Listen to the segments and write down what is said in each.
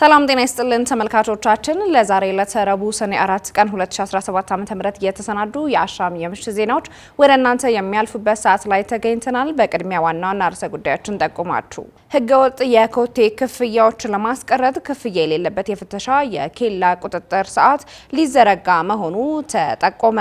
ሰላም ጤና ይስጥልን ተመልካቾቻችን፣ ለዛሬ ለተረቡ ሰኔ 4 ቀን 2017 ዓ.ም የተሰናዱ የአሻም የምሽት ዜናዎች ወደ እናንተ የሚያልፉበት ሰዓት ላይ ተገኝተናል። በቅድሚያ ዋና ዋና ርዕሰ ጉዳዮችን ጠቁማችሁ፣ ህገወጥ የኮቴ ክፍያዎችን ለማስቀረት ክፍያ የሌለበት የፍተሻ የኬላ ቁጥጥር ሰዓት ሊዘረጋ መሆኑ ተጠቆመ።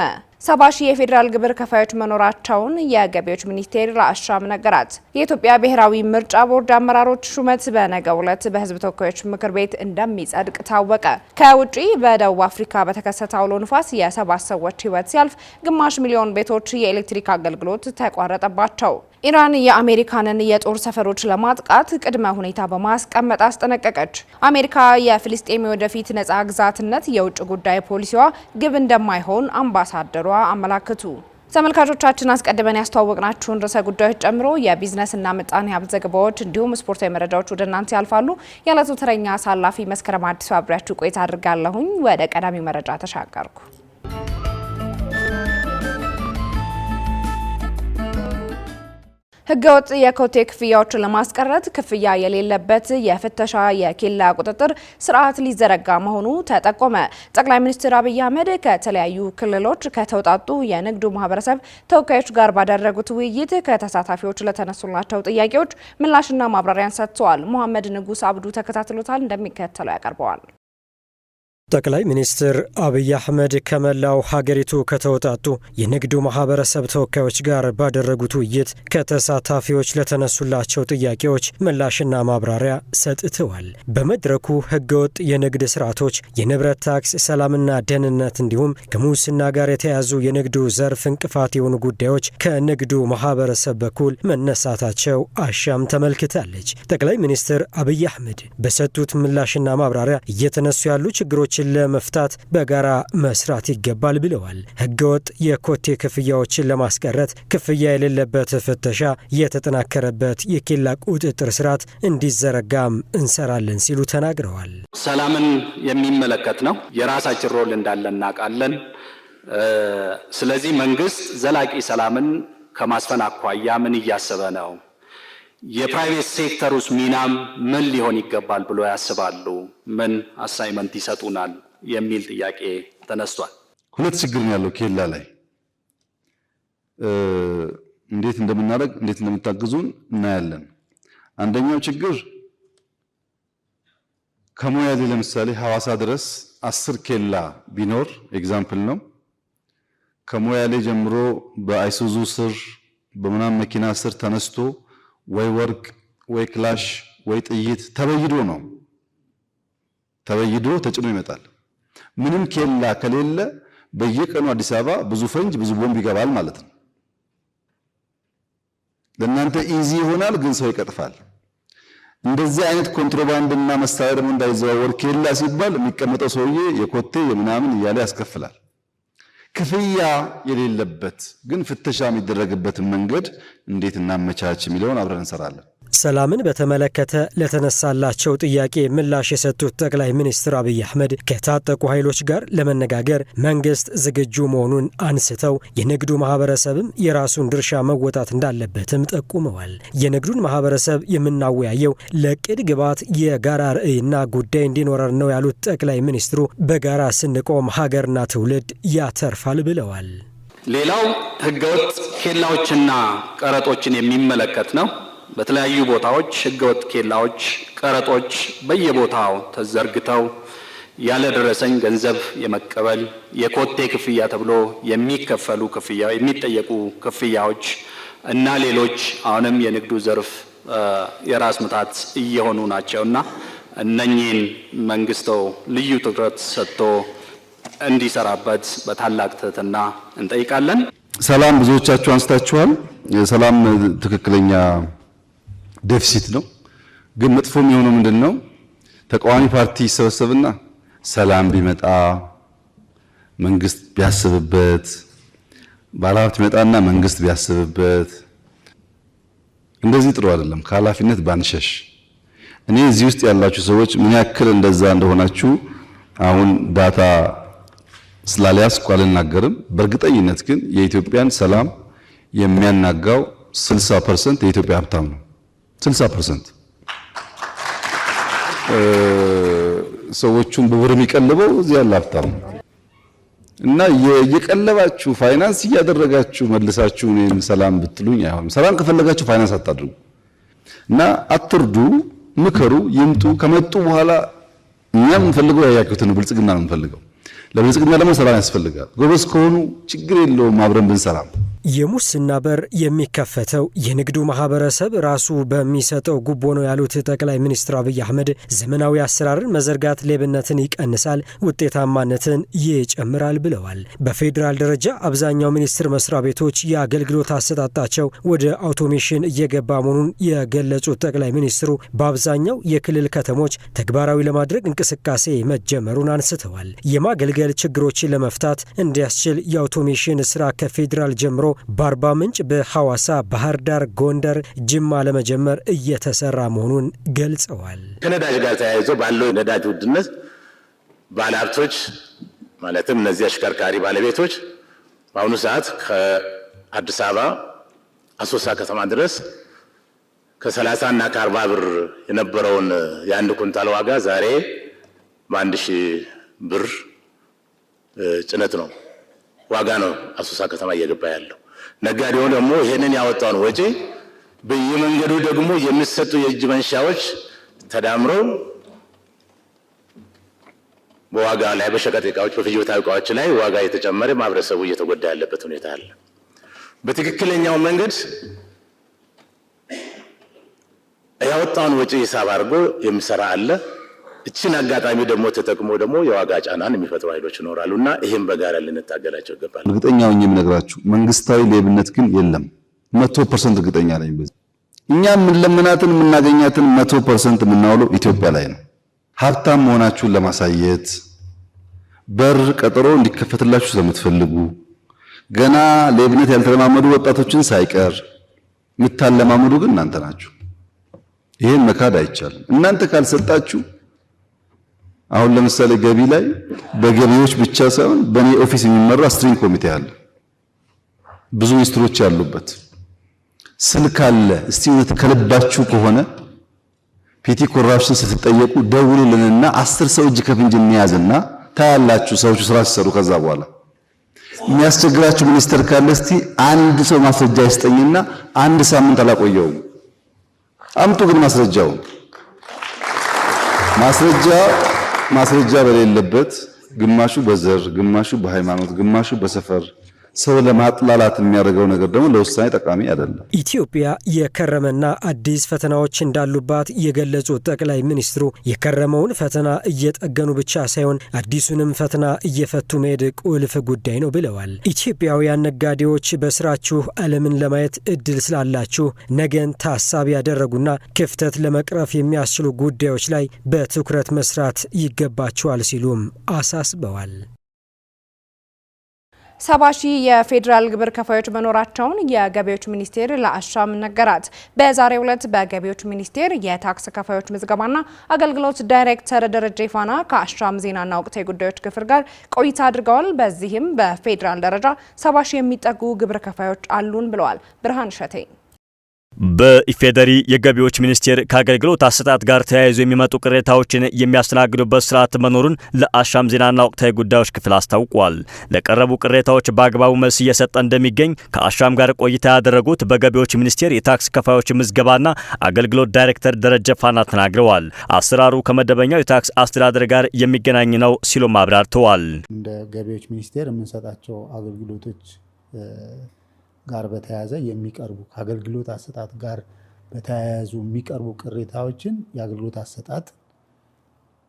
ሰባ ሺህ የፌዴራል ግብር ከፋዮች መኖራቸውን የገቢዎች ሚኒስቴር ለአሻም ነገራት። የኢትዮጵያ ብሔራዊ ምርጫ ቦርድ አመራሮች ሹመት በነገው ዕለት በህዝብ ተወካዮች ምክር ቤት እንደሚጸድቅ ታወቀ። ከውጪ በደቡብ አፍሪካ በተከሰተ አውሎ ንፋስ የሰባት ሰዎች ህይወት ሲያልፍ ግማሽ ሚሊዮን ቤቶች የኤሌክትሪክ አገልግሎት ተቋረጠባቸው። ኢራን የአሜሪካንን የጦር ሰፈሮች ለማጥቃት ቅድመ ሁኔታ በማስቀመጥ አስጠነቀቀች። አሜሪካ የፍልስጤም የወደፊት ነጻ ግዛትነት የውጭ ጉዳይ ፖሊሲዋ ግብ እንደማይሆን አምባሳደሯ አመላክቱ። ተመልካቾቻችን አስቀድመን ያስተዋወቅናችሁን ርዕሰ ጉዳዮች ጨምሮ የቢዝነስና ምጣኔ ሀብት ዘገባዎች እንዲሁም ስፖርታዊ መረጃዎች ወደ እናንተ ያልፋሉ። የዕለቱ ተረኛ አሳላፊ መስከረም አዲሱ አብሪያችሁ ቆይታ አድርጋለሁኝ። ወደ ቀዳሚው መረጃ ተሻገርኩ። ህገወጥ የኮቴ ክፍያዎችን ለማስቀረት ክፍያ የሌለበት የፍተሻ የኬላ ቁጥጥር ስርዓት ሊዘረጋ መሆኑ ተጠቆመ። ጠቅላይ ሚኒስትር አብይ አህመድ ከተለያዩ ክልሎች ከተውጣጡ የንግዱ ማህበረሰብ ተወካዮች ጋር ባደረጉት ውይይት ከተሳታፊዎች ለተነሱላቸው ጥያቄዎች ምላሽና ማብራሪያን ሰጥተዋል። መሐመድ ንጉስ አብዱ ተከታትሎታል፣ እንደሚከተለው ያቀርበዋል። ጠቅላይ ሚኒስትር አብይ አህመድ ከመላው ሀገሪቱ ከተውጣጡ የንግዱ ማህበረሰብ ተወካዮች ጋር ባደረጉት ውይይት ከተሳታፊዎች ለተነሱላቸው ጥያቄዎች ምላሽና ማብራሪያ ሰጥተዋል። በመድረኩ ህገወጥ የንግድ ስርዓቶች፣ የንብረት ታክስ፣ ሰላምና ደህንነት እንዲሁም ከሙስና ጋር የተያያዙ የንግዱ ዘርፍ እንቅፋት የሆኑ ጉዳዮች ከንግዱ ማህበረሰብ በኩል መነሳታቸው አሻም ተመልክታለች። ጠቅላይ ሚኒስትር አብይ አህመድ በሰጡት ምላሽና ማብራሪያ እየተነሱ ያሉ ችግሮች ችግሮችን ለመፍታት በጋራ መስራት ይገባል ብለዋል። ህገወጥ የኮቴ ክፍያዎችን ለማስቀረት ክፍያ የሌለበት ፍተሻ የተጠናከረበት የኬላ ቁጥጥር ስርዓት እንዲዘረጋም እንሰራለን ሲሉ ተናግረዋል። ሰላምን የሚመለከት ነው። የራሳችን ሮል እንዳለ እናውቃለን። ስለዚህ መንግስት ዘላቂ ሰላምን ከማስፈን አኳያ ምን እያሰበ ነው? የፕራይቬት ሴክተሩስ ሚናም ምን ሊሆን ይገባል ብሎ ያስባሉ? ምን አሳይመንት ይሰጡናል? የሚል ጥያቄ ተነስቷል። ሁለት ችግር ነው ያለው ኬላ ላይ እንዴት እንደምናደርግ እንዴት እንደምታግዙን እናያለን። አንደኛው ችግር ከሞያሌ ለምሳሌ ሐዋሳ ድረስ አስር ኬላ ቢኖር ኤግዛምፕል ነው። ከሞያሌ ጀምሮ በአይሱዙ ስር በምናም መኪና ስር ተነስቶ ወይ ወርቅ ወይ ክላሽ ወይ ጥይት ተበይዶ ነው ተበይዶ ተጭኖ ይመጣል። ምንም ኬላ ከሌለ በየቀኑ አዲስ አበባ ብዙ ፈንጅ ብዙ ቦምብ ይገባል ማለት ነው። ለእናንተ ኢዚ ይሆናል፣ ግን ሰው ይቀጥፋል። እንደዚህ አይነት ኮንትሮባንድና መሳሪያ ደግሞ እንዳይዘዋወር ኬላ ሲባል የሚቀመጠው ሰውዬ የኮቴ የምናምን እያለ ያስከፍላል። ክፍያ የሌለበት ግን ፍተሻ የሚደረግበትን መንገድ እንዴት እናመቻች የሚለውን አብረን እንሰራለን። ሰላምን በተመለከተ ለተነሳላቸው ጥያቄ ምላሽ የሰጡት ጠቅላይ ሚኒስትር አብይ አህመድ ከታጠቁ ኃይሎች ጋር ለመነጋገር መንግስት ዝግጁ መሆኑን አንስተው የንግዱ ማህበረሰብም የራሱን ድርሻ መወጣት እንዳለበትም ጠቁመዋል። የንግዱን ማህበረሰብ የምናወያየው ለቅድ ግባት የጋራ ርዕይና ጉዳይ እንዲኖረን ነው ያሉት ጠቅላይ ሚኒስትሩ በጋራ ስንቆም ሀገርና ትውልድ ያተርፋል ብለዋል። ሌላው ህገወጥ ኬላዎችና ቀረጦችን የሚመለከት ነው። በተለያዩ ቦታዎች ህገወጥ ኬላዎች፣ ቀረጦች በየቦታው ተዘርግተው ያለ ደረሰኝ ገንዘብ የመቀበል የኮቴ ክፍያ ተብሎ የሚከፈሉ ክፍያ የሚጠየቁ ክፍያዎች እና ሌሎች አሁንም የንግዱ ዘርፍ የራስ ምታት እየሆኑ ናቸውና እነኚህን መንግስተው ልዩ ትኩረት ሰጥቶ እንዲሰራበት በታላቅ ትህትና እንጠይቃለን። ሰላም ብዙዎቻችሁ አንስታችኋል። ሰላም ትክክለኛ ደፊሲት ነው። ግን መጥፎ የሚሆነው ምንድን ነው? ተቃዋሚ ፓርቲ ይሰበሰብና ሰላም ቢመጣ መንግስት ቢያስብበት፣ ባለሀብት ቢመጣና መንግስት ቢያስብበት። እንደዚህ ጥሩ አይደለም። ከኃላፊነት ባንሸሽ። እኔ እዚህ ውስጥ ያላችሁ ሰዎች ምን ያክል እንደዛ እንደሆናችሁ አሁን ዳታ ስላልያዝኩ አልናገርም። በእርግጠኝነት ግን የኢትዮጵያን ሰላም የሚያናጋው 60 ፐርሰንት የኢትዮጵያ ሀብታም ነው። 60 ፐርሰንት ሰዎቹን በብር የሚቀልበው እዚህ ያለ ሀብታም እና የቀለባችሁ ፋይናንስ እያደረጋችሁ መልሳችሁ እኔን ሰላም ብትሉኝ አይሆንም። ሰላም ከፈለጋችሁ ፋይናንስ አታድርጉ እና አትርዱ፣ ምከሩ፣ ይምጡ። ከመጡ በኋላ እኛ የምንፈልገው ያያችሁትን ብልጽግና ነው የምንፈልገው። ለብልጽግና ደግሞ ሰላም ያስፈልጋል። ጎበዝ ከሆኑ ችግር የለውም አብረን ብንሰራም የሙስና በር የሚከፈተው የንግዱ ማህበረሰብ ራሱ በሚሰጠው ጉቦ ነው ያሉት ጠቅላይ ሚኒስትር አብይ አህመድ ዘመናዊ አሰራርን መዘርጋት ሌብነትን ይቀንሳል፣ ውጤታማነትን ይጨምራል ብለዋል። በፌዴራል ደረጃ አብዛኛው ሚኒስቴር መስሪያ ቤቶች የአገልግሎት አሰጣጣቸው ወደ አውቶሜሽን እየገባ መሆኑን የገለጹት ጠቅላይ ሚኒስትሩ በአብዛኛው የክልል ከተሞች ተግባራዊ ለማድረግ እንቅስቃሴ መጀመሩን አንስተዋል። የማገልገል በመታገል ችግሮችን ለመፍታት እንዲያስችል የአውቶሜሽን ስራ ከፌዴራል ጀምሮ በአርባ ምንጭ፣ በሐዋሳ፣ ባህር ዳር፣ ጎንደር፣ ጅማ ለመጀመር እየተሰራ መሆኑን ገልጸዋል። ከነዳጅ ጋር ተያይዞ ባለው የነዳጅ ውድነት ባለሀብቶች ማለትም እነዚህ አሽከርካሪ ባለቤቶች በአሁኑ ሰዓት ከአዲስ አበባ አሶሳ ከተማ ድረስ ከ30 እና ከ ብር የነበረውን የአንድ ኩንታል ዋጋ ዛሬ በአንድ ሺህ ብር ጭነት ነው ዋጋ ነው አሶሳ ከተማ እየገባ ያለው። ነጋዴው ደግሞ ይሄንን ያወጣውን ወጪ በየመንገዱ ደግሞ የሚሰጡ የእጅ መንሻዎች ተዳምረው በዋጋ ላይ በሸቀጥ እቃዎች በፍጆታ እቃዎች ላይ ዋጋ የተጨመረ ማህበረሰቡ እየተጎዳ ያለበት ሁኔታ አለ። በትክክለኛው መንገድ ያወጣውን ወጪ ሂሳብ አድርጎ የሚሰራ አለ። እችን አጋጣሚ ደግሞ ተጠቅሞ ደግሞ የዋጋ ጫናን የሚፈጥሩ ኃይሎች ይኖራሉ እና ይህም በጋራ ልንታገላቸው ይገባል። እርግጠኛ ሆኜ የምነግራችሁ መንግስታዊ ሌብነት ግን የለም። መቶ ፐርሰንት እርግጠኛ ነኝ። እኛ የምንለምናትን የምናገኛትን መቶ ፐርሰንት የምናውለው ኢትዮጵያ ላይ ነው። ሀብታም መሆናችሁን ለማሳየት በር ቀጠሮ እንዲከፈትላችሁ ስለምትፈልጉ ገና ሌብነት ያልተለማመዱ ወጣቶችን ሳይቀር የምታለማመዱ ግን እናንተ ናችሁ። ይህን መካድ አይቻልም። እናንተ ካልሰጣችሁ አሁን ለምሳሌ ገቢ ላይ በገቢዎች ብቻ ሳይሆን በእኔ ኦፊስ የሚመራ ስትሪንግ ኮሚቴ አለ። ብዙ ሚኒስትሮች ያሉበት ስልክ አለ። እስቲ እውነት ከልባችሁ ከሆነ ፒቲ ኮራፕሽን ስትጠየቁ ደውሉልንና አስር ሰው እጅ ከፍንጅ እንያዝና ታያላችሁ ሰዎቹ ስራ ሲሰሩ። ከዛ በኋላ የሚያስቸግራችሁ ሚኒስተር ካለ እስቲ አንድ ሰው ማስረጃ ይስጠኝና አንድ ሳምንት አላቆየውም። አምጡ ግን ማስረጃውን ማስረጃ ማስረጃ በሌለበት ግማሹ በዘር ግማሹ በሃይማኖት ግማሹ በሰፈር ሰው ለማጥላላት የሚያደርገው ነገር ደግሞ ለውሳኔ ጠቃሚ አይደለም። ኢትዮጵያ የከረመና አዲስ ፈተናዎች እንዳሉባት የገለጹት ጠቅላይ ሚኒስትሩ የከረመውን ፈተና እየጠገኑ ብቻ ሳይሆን አዲሱንም ፈተና እየፈቱ መሄድ ቁልፍ ጉዳይ ነው ብለዋል። ኢትዮጵያውያን ነጋዴዎች በስራችሁ ዓለምን ለማየት እድል ስላላችሁ ነገን ታሳቢ ያደረጉና ክፍተት ለመቅረፍ የሚያስችሉ ጉዳዮች ላይ በትኩረት መስራት ይገባቸዋል ሲሉም አሳስበዋል። ሰባ ሺህ የፌዴራል ግብር ከፋዮች መኖራቸውን የገቢዎች ሚኒስቴር ለአሻም ነገራት። በዛሬው ዕለት በገቢዎች ሚኒስቴር የታክስ ከፋዮች ምዝገባና አገልግሎት ዳይሬክተር ደረጀ ይፋና ከአሻም ዜናና ወቅታዊ ጉዳዮች ክፍል ጋር ቆይታ አድርገዋል። በዚህም በፌዴራል ደረጃ ሰባ ሺህ የሚጠጉ ግብር ከፋዮች አሉን ብለዋል። ብርሃን ሸቴ በኢፌዴሪ የገቢዎች ሚኒስቴር ከአገልግሎት አሰጣጥ ጋር ተያይዞ የሚመጡ ቅሬታዎችን የሚያስተናግዱበት ስርዓት መኖሩን ለአሻም ዜናና ወቅታዊ ጉዳዮች ክፍል አስታውቋል። ለቀረቡ ቅሬታዎች በአግባቡ መልስ እየሰጠ እንደሚገኝ ከአሻም ጋር ቆይታ ያደረጉት በገቢዎች ሚኒስቴር የታክስ ከፋዮች ምዝገባና አገልግሎት ዳይሬክተር ደረጀ ፋና ተናግረዋል። አሰራሩ ከመደበኛው የታክስ አስተዳደር ጋር የሚገናኝ ነው ሲሉም አብራርተዋል። እንደ ገቢዎች ሚኒስቴር የምንሰጣቸው አገልግሎቶች ጋር በተያያዘ የሚቀርቡ ከአገልግሎት አሰጣጥ ጋር በተያያዙ የሚቀርቡ ቅሬታዎችን የአገልግሎት አሰጣጥ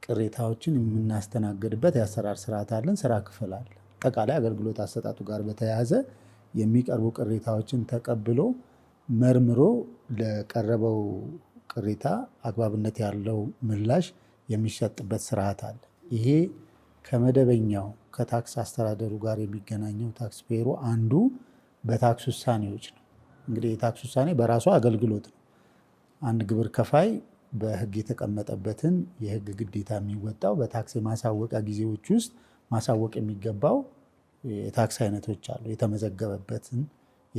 ቅሬታዎችን የምናስተናግድበት የአሰራር ስርዓት አለን። ስራ ክፍል አለ። አጠቃላይ አገልግሎት አሰጣጡ ጋር በተያያዘ የሚቀርቡ ቅሬታዎችን ተቀብሎ መርምሮ ለቀረበው ቅሬታ አግባብነት ያለው ምላሽ የሚሰጥበት ስርዓት አለ። ይሄ ከመደበኛው ከታክስ አስተዳደሩ ጋር የሚገናኘው ታክስ ፔሮ አንዱ በታክስ ውሳኔዎች ነው። እንግዲህ የታክስ ውሳኔ በራሱ አገልግሎት ነው። አንድ ግብር ከፋይ በህግ የተቀመጠበትን የህግ ግዴታ የሚወጣው በታክስ የማሳወቂያ ጊዜዎች ውስጥ ማሳወቅ የሚገባው የታክስ አይነቶች አሉ የተመዘገበበትን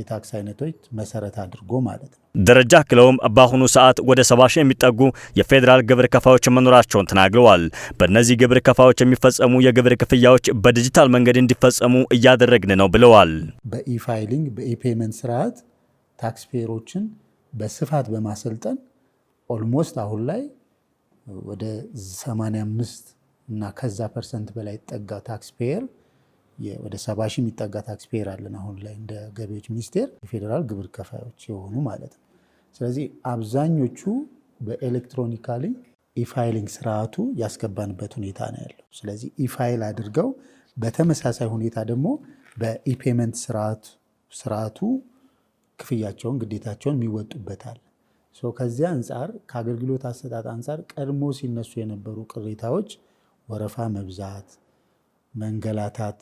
የታክስ አይነቶች መሰረት አድርጎ ማለት ነው። ደረጃ አክለውም በአሁኑ ሰዓት ወደ ሰባ ሺህ የሚጠጉ የፌዴራል ግብር ከፋዮች መኖራቸውን ተናግረዋል። በእነዚህ ግብር ከፋዮች የሚፈጸሙ የግብር ክፍያዎች በዲጂታል መንገድ እንዲፈጸሙ እያደረግን ነው ብለዋል። በኢፋይሊንግ በኢፔመንት ስርዓት ታክስ በስፋት በማሰልጠን ኦልሞስት አሁን ላይ ወደ 85 እና ከዛ ፐርሰንት በላይ ጠጋ ታክስ ፔየር ወደ ሰባ ሺህ የሚጠጋ ታክስ ፔር አለን አሁን ላይ እንደ ገቢዎች ሚኒስቴር የፌዴራል ግብር ከፋዮች የሆኑ ማለት ነው። ስለዚህ አብዛኞቹ በኤሌክትሮኒካሊ ኢፋይሊንግ ስርዓቱ ያስገባንበት ሁኔታ ነው ያለው። ስለዚህ ኢፋይል አድርገው በተመሳሳይ ሁኔታ ደግሞ በኢፔመንት ስርዓቱ ክፍያቸውን፣ ግዴታቸውን የሚወጡበታል። ከዚያ አንጻር ከአገልግሎት አሰጣጥ አንጻር ቀድሞ ሲነሱ የነበሩ ቅሬታዎች ወረፋ መብዛት፣ መንገላታት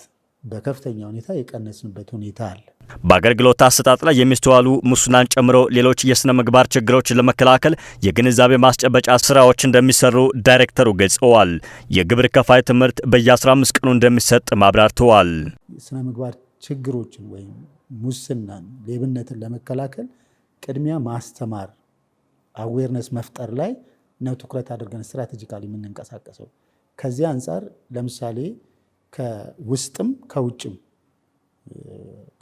በከፍተኛ ሁኔታ የቀነስንበት ሁኔታ አለ። በአገልግሎት አሰጣጥ ላይ የሚስተዋሉ ሙስናን ጨምሮ ሌሎች የሥነ ምግባር ችግሮችን ለመከላከል የግንዛቤ ማስጨበጫ ስራዎች እንደሚሰሩ ዳይሬክተሩ ገልጸዋል። የግብር ከፋይ ትምህርት በየ15 ቀኑ እንደሚሰጥ ማብራርተዋል። የሥነ ምግባር ችግሮችን ወይም ሙስናን፣ ሌብነትን ለመከላከል ቅድሚያ ማስተማር፣ አዌርነስ መፍጠር ላይ ነው ትኩረት አድርገን ስትራቴጂካል የምንንቀሳቀሰው። ከዚህ አንጻር ለምሳሌ ከውስጥም ከውጭም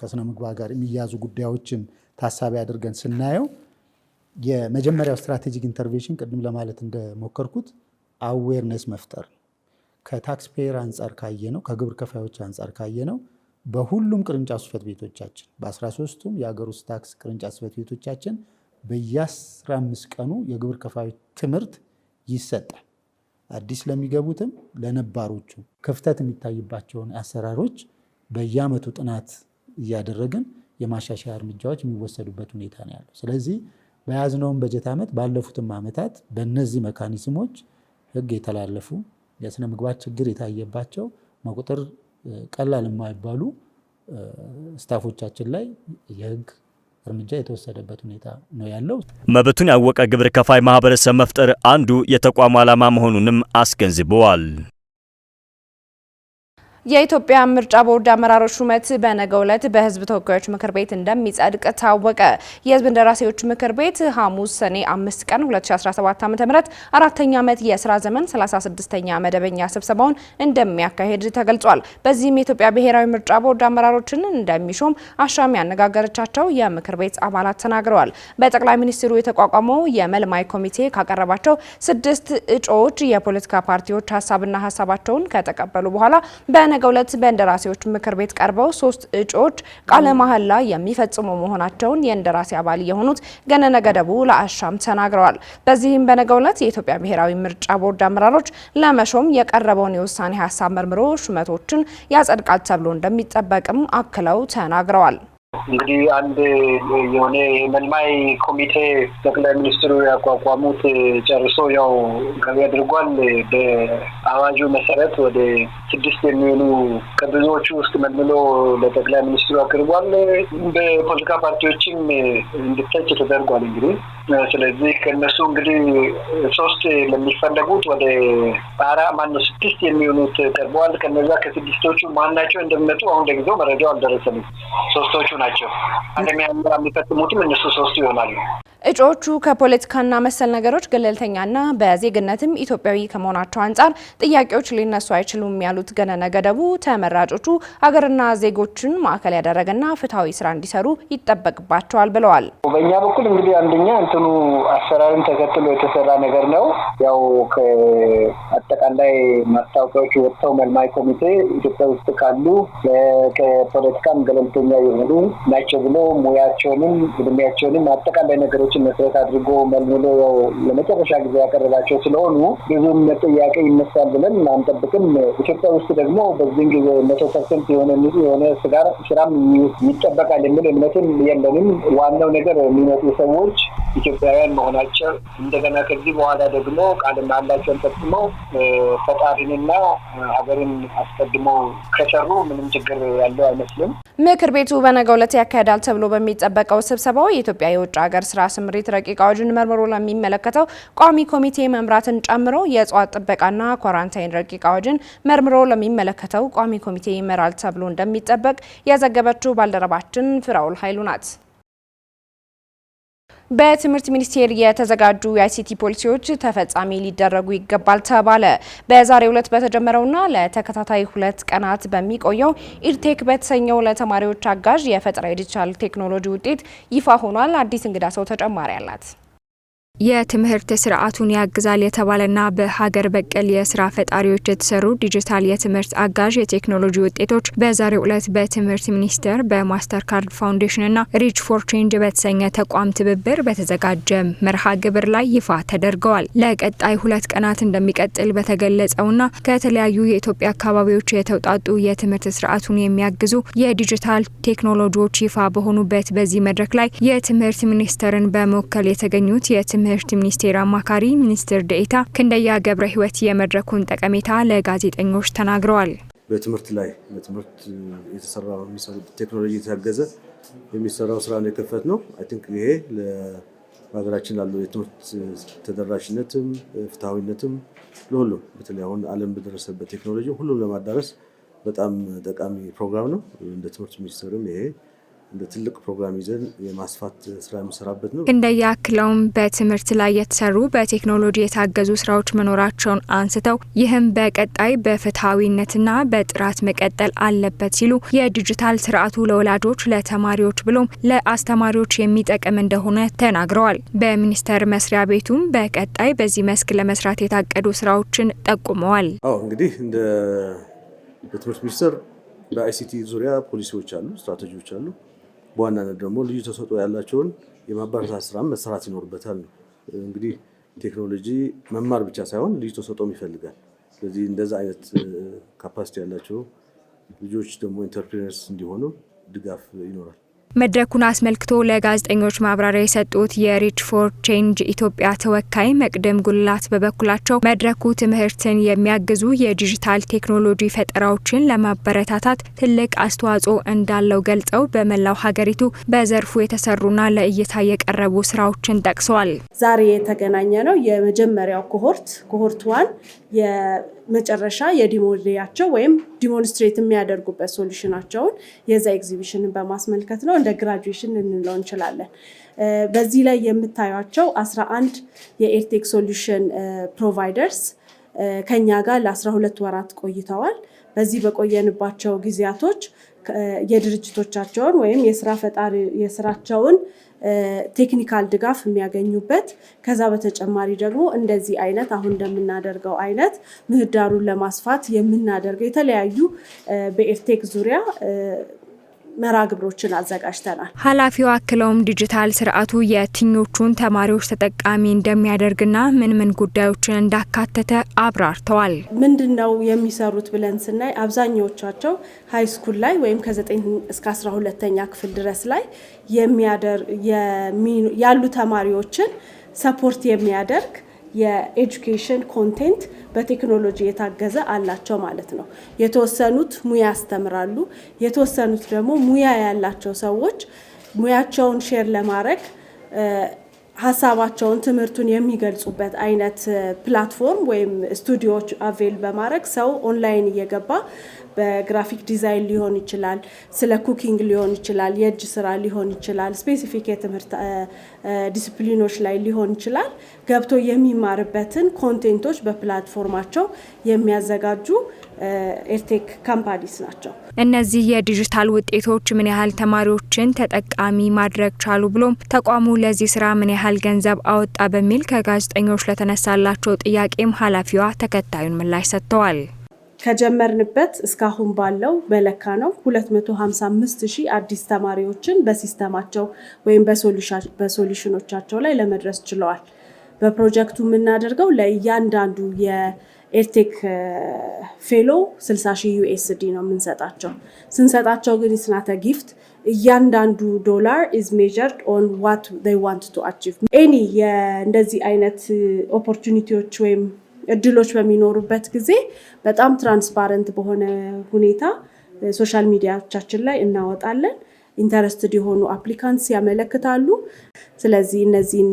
ከስነ ምግባር ጋር የሚያዙ ጉዳዮችን ታሳቢ አድርገን ስናየው የመጀመሪያው ስትራቴጂክ ኢንተርቬንሽን ቅድም ለማለት እንደሞከርኩት አዌርነስ መፍጠር ከታክስ ፔየር አንጻር ካየ ነው፣ ከግብር ከፋዮች አንጻር ካየ ነው። በሁሉም ቅርንጫፍ ጽሕፈት ቤቶቻችን በ13ቱም የሀገር ውስጥ ታክስ ቅርንጫፍ ጽሕፈት ቤቶቻችን በየ15 ቀኑ የግብር ከፋዮች ትምህርት ይሰጣል። አዲስ ለሚገቡትም ለነባሮቹ ክፍተት የሚታይባቸውን አሰራሮች በየአመቱ ጥናት እያደረግን የማሻሻያ እርምጃዎች የሚወሰዱበት ሁኔታ ነው ያለው። ስለዚህ በያዝነውን በጀት ዓመት ባለፉትም ዓመታት በእነዚህ መካኒዝሞች ህግ የተላለፉ የስነ ምግባር ችግር የታየባቸው መቁጥር ቀላል የማይባሉ ስታፎቻችን ላይ የህግ። እርምጃ የተወሰደበት ሁኔታ ነው ያለው። መብቱን ያወቀ ግብር ከፋይ ማህበረሰብ መፍጠር አንዱ የተቋሙ ዓላማ መሆኑንም አስገንዝበዋል። የኢትዮጵያ ምርጫ ቦርድ አመራሮች ሹመት በነገው ዕለት በህዝብ ተወካዮች ምክር ቤት እንደሚጸድቅ ታወቀ። የህዝብ እንደራሴዎች ምክር ቤት ሐሙስ ሰኔ 5 ቀን 2017 ዓ.ም አራተኛ ዓመት የስራ ዘመን 36ኛ መደበኛ ስብሰባውን እንደሚያካሄድ ተገልጿል። በዚህም የኢትዮጵያ ብሔራዊ ምርጫ ቦርድ አመራሮችን እንደሚሾም አሻም ያነጋገረቻቸው የምክር ቤት አባላት ተናግረዋል። በጠቅላይ ሚኒስትሩ የተቋቋመው የመልማይ ኮሚቴ ካቀረባቸው ስድስት እጩዎች የፖለቲካ ፓርቲዎች ሀሳብና ሀሳባቸውን ከተቀበሉ በኋላ በነገው ዕለት በእንደራሴዎች ምክር ቤት ቀርበው ሶስት እጩዎች ቃለ መሐላ የሚፈጽሙ መሆናቸውን የእንደራሴ አባል የሆኑት ገነነ ገደቡ ለአሻም ተናግረዋል። በዚህም በነገው ዕለት የኢትዮጵያ ብሔራዊ ምርጫ ቦርድ አመራሮች ለመሾም የቀረበውን የውሳኔ ሀሳብ መርምሮ ሹመቶችን ያጸድቃል ተብሎ እንደሚጠበቅም አክለው ተናግረዋል። እንግዲህ አንድ የሆነ የመልማይ ኮሚቴ ጠቅላይ ሚኒስትሩ ያቋቋሙት ጨርሶ ያው ገቢ አድርጓል። በአዋጁ መሰረት ወደ ስድስት የሚሆኑ ከብዙዎቹ ውስጥ መልምሎ ለጠቅላይ ሚኒስትሩ አቅርቧል። በፖለቲካ ፓርቲዎችም እንድተች ተደርጓል። እንግዲህ ስለዚህ ከእነሱ እንግዲህ ሶስት ለሚፈለጉት ወደ አራ ማነ ስድስት የሚሆኑት ቀርበዋል። ከነዛ ከስድስቶቹ ማናቸው እንደሚመጡ አሁን ለጊዜው መረጃው አልደረሰንም። ሶስቶቹ ናቸው። አንደሚያ የሚፈጽሙትም እነሱ ሶስቱ ይሆናሉ። እጩዎቹ ከፖለቲካና መሰል ነገሮች ገለልተኛና በዜግነትም ኢትዮጵያዊ ከመሆናቸው አንጻር ጥያቄዎች ሊነሱ አይችሉም ያሉት ገነነ ገደቡ ተመራጮቹ ሀገርና ዜጎችን ማዕከል ያደረገና ፍትሐዊ ስራ እንዲሰሩ ይጠበቅባቸዋል ብለዋል። በእኛ በኩል እንግዲህ አንደኛ እንትኑ አሰራርን ተከትሎ የተሰራ ነገር ነው። ያው ከአጠቃላይ ማስታወቂያዎች ወጥተው መልማይ ኮሚቴ ኢትዮጵያ ውስጥ ካሉ ከፖለቲካም ገለልተኛ የሆኑ ናቸው ብሎ ሙያቸውንም እድሜያቸውንም አጠቃላይ ነገሮች ነገሮችን መሰረት አድርጎ መልምሎ ለመጨረሻ ጊዜ ያቀረባቸው ስለሆኑ ብዙም ጥያቄ ይነሳል ብለን አንጠብቅም። ኢትዮጵያ ውስጥ ደግሞ በዚህን ጊዜ መቶ ፐርሰንት የሆነ ንጹህ የሆነ ስጋር ስራም ይጠበቃል የሚል እምነትም የለንም። ዋናው ነገር የሚመጡ ሰዎች ኢትዮጵያውያን መሆናቸው እንደገና ከዚህ በኋላ ደግሞ ቃል መሃላቸውን ፈጽመው ፈጣሪንና ሀገርን አስቀድመው ከሰሩ ምንም ችግር ያለው አይመስልም። ምክር ቤቱ በነገው ዕለት ያካሄዳል ተብሎ በሚጠበቀው ስብሰባው የኢትዮጵያ የውጭ ሀገር ስራ ስምሪት ረቂቅ አዋጅን መርምሮ ለሚመለከተው ቋሚ ኮሚቴ መምራትን ጨምሮ የእጽዋት ጥበቃና ኳራንታይን ረቂቅ አዋጅን መርምሮ ለሚመለከተው ቋሚ ኮሚቴ ይመራል ተብሎ እንደሚጠበቅ የዘገበችው ባልደረባችን ፍራውል ኃይሉ ናት። በትምህርት ሚኒስቴር የተዘጋጁ የአይሲቲ ፖሊሲዎች ተፈጻሚ ሊደረጉ ይገባል ተባለ። በዛሬው ዕለት በተጀመረውና ለተከታታይ ሁለት ቀናት በሚቆየው ኢድቴክ በተሰኘው ለተማሪዎች አጋዥ የፈጠራ የዲጂታል ቴክኖሎጂ ውጤት ይፋ ሆኗል። አዲስ እንግዳ ሰው ተጨማሪ አላት። የትምህርት ስርዓቱን ያግዛል የተባለና በሀገር በቀል የስራ ፈጣሪዎች የተሰሩ ዲጂታል የትምህርት አጋዥ የቴክኖሎጂ ውጤቶች በዛሬው ዕለት በትምህርት ሚኒስቴር በማስተር ካርድ ፋውንዴሽንና ሪች ፎር ቼንጅ በተሰኘ ተቋም ትብብር በተዘጋጀ መርሃ ግብር ላይ ይፋ ተደርገዋል። ለቀጣይ ሁለት ቀናት እንደሚቀጥል በተገለጸውና ከተለያዩ የኢትዮጵያ አካባቢዎች የተውጣጡ የትምህርት ስርዓቱን የሚያግዙ የዲጂታል ቴክኖሎጂዎች ይፋ በሆኑበት በዚህ መድረክ ላይ የትምህርት ሚኒስቴርን በመወከል የተገኙት የትምህርት ሚኒስቴር አማካሪ ሚኒስትር ደኢታ ክንደያ ገብረ ሕይወት የመድረኩን ጠቀሜታ ለጋዜጠኞች ተናግረዋል። በትምህርት ላይ በትምህርት የተሰራ ቴክኖሎጂ የታገዘ የሚሰራው ስራ ነው የከፈት ነው። አይ ቲንክ ይሄ በሀገራችን ላለው የትምህርት ተደራሽነትም ፍትሐዊነትም ለሁሉም በተለይ አሁን ዓለም በደረሰበት ቴክኖሎጂ ሁሉም ለማዳረስ በጣም ጠቃሚ ፕሮግራም ነው። እንደ ትምህርት ሚኒስትርም ይሄ እንደ ትልቅ ፕሮግራም ይዘን የማስፋት ስራ የሚሰራበት ነው። እንደያክለውም በትምህርት ላይ የተሰሩ በቴክኖሎጂ የታገዙ ስራዎች መኖራቸውን አንስተው ይህም በቀጣይ በፍትሐዊነትና በጥራት መቀጠል አለበት ሲሉ የዲጂታል ስርዓቱ ለወላጆች ለተማሪዎች፣ ብሎም ለአስተማሪዎች የሚጠቅም እንደሆነ ተናግረዋል። በሚኒስቴር መስሪያ ቤቱም በቀጣይ በዚህ መስክ ለመስራት የታቀዱ ስራዎችን ጠቁመዋል። አዎ እንግዲህ እንደ ትምህርት ሚኒስቴር በአይሲቲ ዙሪያ ፖሊሲዎች አሉ፣ ስትራቴጂዎች አሉ በዋናነት ደግሞ ልዩ ተሰጦ ያላቸውን የማበረታት ስራ መሰራት ይኖርበታል ነው። እንግዲህ ቴክኖሎጂ መማር ብቻ ሳይሆን ልዩ ተሰጦም ይፈልጋል። ስለዚህ እንደዛ አይነት ካፓሲቲ ያላቸው ልጆች ደግሞ ኢንተርፕሪነርስ እንዲሆኑ ድጋፍ ይኖራል። መድረኩን አስመልክቶ ለጋዜጠኞች ማብራሪያ የሰጡት የሪች ፎር ቼንጅ ኢትዮጵያ ተወካይ መቅደም ጉልላት በበኩላቸው መድረኩ ትምህርትን የሚያግዙ የዲጂታል ቴክኖሎጂ ፈጠራዎችን ለማበረታታት ትልቅ አስተዋጽኦ እንዳለው ገልጸው በመላው ሀገሪቱ በዘርፉ የተሰሩና ለእይታ የቀረቡ ስራዎችን ጠቅሰዋል። ዛሬ የተገናኘ ነው የመጀመሪያው ኮሆርት ኮሆርት ዋን መጨረሻ የዲሞዴያቸው ወይም ዲሞንስትሬት የሚያደርጉበት ሶሉሽናቸውን የዛ ኤግዚቢሽንን በማስመልከት ነው። እንደ ግራጁዌሽን ልንለው እንችላለን። በዚህ ላይ የምታዩቸው 11 የኤርቴክ ሶሉሽን ፕሮቫይደርስ ከኛ ጋር ለ12 ወራት ቆይተዋል። በዚህ በቆየንባቸው ጊዜያቶች የድርጅቶቻቸውን ወይም የስራ ፈጣሪ የስራቸውን ቴክኒካል ድጋፍ የሚያገኙበት ከዛ በተጨማሪ ደግሞ እንደዚህ አይነት አሁን እንደምናደርገው አይነት ምህዳሩን ለማስፋት የምናደርገው የተለያዩ በኤርቴክ ዙሪያ መራ ግብሮችን አዘጋጅተናል። ኃላፊው አክለውም ዲጂታል ስርዓቱ የትኞቹን ተማሪዎች ተጠቃሚ እንደሚያደርግና ምን ምን ጉዳዮችን እንዳካተተ አብራርተዋል። ምንድን ነው የሚሰሩት ብለን ስናይ አብዛኛዎቻቸው ሃይስኩል ላይ ወይም ከ9 እስከ 12 ሁለተኛ ክፍል ድረስ ላይ ያሉ ተማሪዎችን ሰፖርት የሚያደርግ የኤጁኬሽን ኮንቴንት በቴክኖሎጂ የታገዘ አላቸው ማለት ነው። የተወሰኑት ሙያ ያስተምራሉ፣ የተወሰኑት ደግሞ ሙያ ያላቸው ሰዎች ሙያቸውን ሼር ለማድረግ ሀሳባቸውን ትምህርቱን የሚገልጹበት አይነት ፕላትፎርም ወይም ስቱዲዮዎች አቬል በማድረግ ሰው ኦንላይን እየገባ በግራፊክ ዲዛይን ሊሆን ይችላል፣ ስለ ኩኪንግ ሊሆን ይችላል፣ የእጅ ስራ ሊሆን ይችላል፣ ስፔሲፊክ የትምህርት ዲስፕሊኖች ላይ ሊሆን ይችላል ገብቶ የሚማርበትን ኮንቴንቶች በፕላትፎርማቸው የሚያዘጋጁ ኤርቴክ ካምፓኒስ ናቸው። እነዚህ የዲጂታል ውጤቶች ምን ያህል ተማሪዎችን ተጠቃሚ ማድረግ ቻሉ ብሎም ተቋሙ ለዚህ ስራ ምን ያህል ገንዘብ አወጣ በሚል ከጋዜጠኞች ለተነሳላቸው ጥያቄም ኃላፊዋ ተከታዩን ምላሽ ሰጥተዋል። ከጀመርንበት እስካሁን ባለው በለካ ነው 255 ሺህ አዲስ ተማሪዎችን በሲስተማቸው ወይም በሶሉሽኖቻቸው ላይ ለመድረስ ችለዋል። በፕሮጀክቱ የምናደርገው ለእያንዳንዱ ኤርቴክ ፌሎ 60 ሺህ ዩኤስዲ ነው የምንሰጣቸው። ስንሰጣቸው ግን ስናተ ጊፍት እያንዳንዱ ዶላር ኢዝ ሜጀርድ ኦን ዋት ዋንት ቱ አቺቭ። ኤኒ እንደዚህ አይነት ኦፖርቹኒቲዎች ወይም እድሎች በሚኖሩበት ጊዜ በጣም ትራንስፓረንት በሆነ ሁኔታ ሶሻል ሚዲያዎቻችን ላይ እናወጣለን። ኢንተረስትድ የሆኑ አፕሊካንትስ ያመለክታሉ። ስለዚህ እነዚህን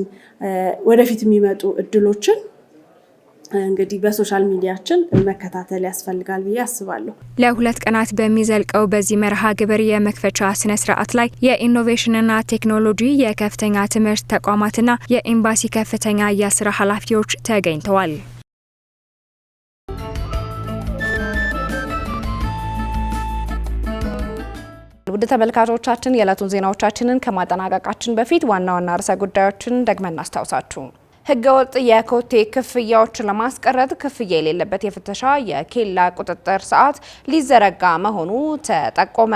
ወደፊት የሚመጡ እድሎችን እንግዲህ በሶሻል ሚዲያችን መከታተል ያስፈልጋል ብዬ አስባለሁ። ለሁለት ቀናት በሚዘልቀው በዚህ መርሃ ግብር የመክፈቻ ስነ ስርዓት ላይ የኢኖቬሽንና ቴክኖሎጂ የከፍተኛ ትምህርት ተቋማትና የኤምባሲ ከፍተኛ የስራ ኃላፊዎች ተገኝተዋል። ውድ ተመልካቾቻችን የዕለቱን ዜናዎቻችንን ከማጠናቀቃችን በፊት ዋና ዋና ርዕሰ ጉዳዮችን ደግመን እናስታውሳችሁ። ህገወጥ የኮቴ ክፍያዎችን ለማስቀረት ክፍያ የሌለበት የፍተሻ የኬላ ቁጥጥር ሰዓት ሊዘረጋ መሆኑ ተጠቆመ።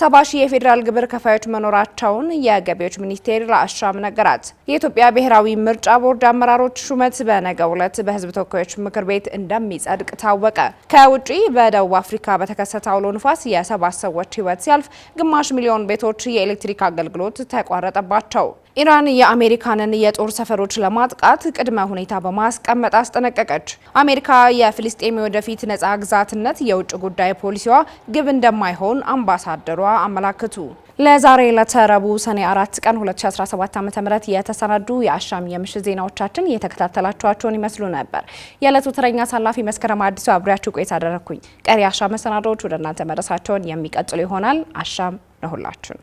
ሰባ ሺህ የፌዴራል ግብር ከፋዮች መኖራቸውን የገቢዎች ሚኒስቴር ለአሻም ነገራት። የኢትዮጵያ ብሔራዊ ምርጫ ቦርድ አመራሮች ሹመት በነገው ዕለት በህዝብ ተወካዮች ምክር ቤት እንደሚጸድቅ ታወቀ። ከውጪ በደቡብ አፍሪካ በተከሰተ አውሎ ንፋስ የሰባት ሰዎች ህይወት ሲያልፍ ግማሽ ሚሊዮን ቤቶች የኤሌክትሪክ አገልግሎት ተቋረጠባቸው። ኢራን የአሜሪካንን የጦር ሰፈሮች ለማጥቃት ቅድመ ሁኔታ በማስቀመጥ አስጠነቀቀች። አሜሪካ የፍልስጤም የወደፊት ነጻ ግዛትነት የውጭ ጉዳይ ፖሊሲዋ ግብ እንደማይሆን አምባሳደሯ አመላክቱ። ለዛሬ ለተረቡ ሰኔ 4 ቀን 2017 ዓ.ም የተሰናዱ የአሻም የምሽት ዜናዎቻችን እየተከታተላችኋቸውን ይመስሉ ነበር። የዕለቱ ተረኛ አሳላፊ መስከረም አዲሱ አብሬያችሁ ቆይታ አደረግኩኝ። ቀሪ አሻም መሰናዶዎች ወደ እናንተ መድረሳቸውን የሚቀጥሉ ይሆናል። አሻም ለሁላችን!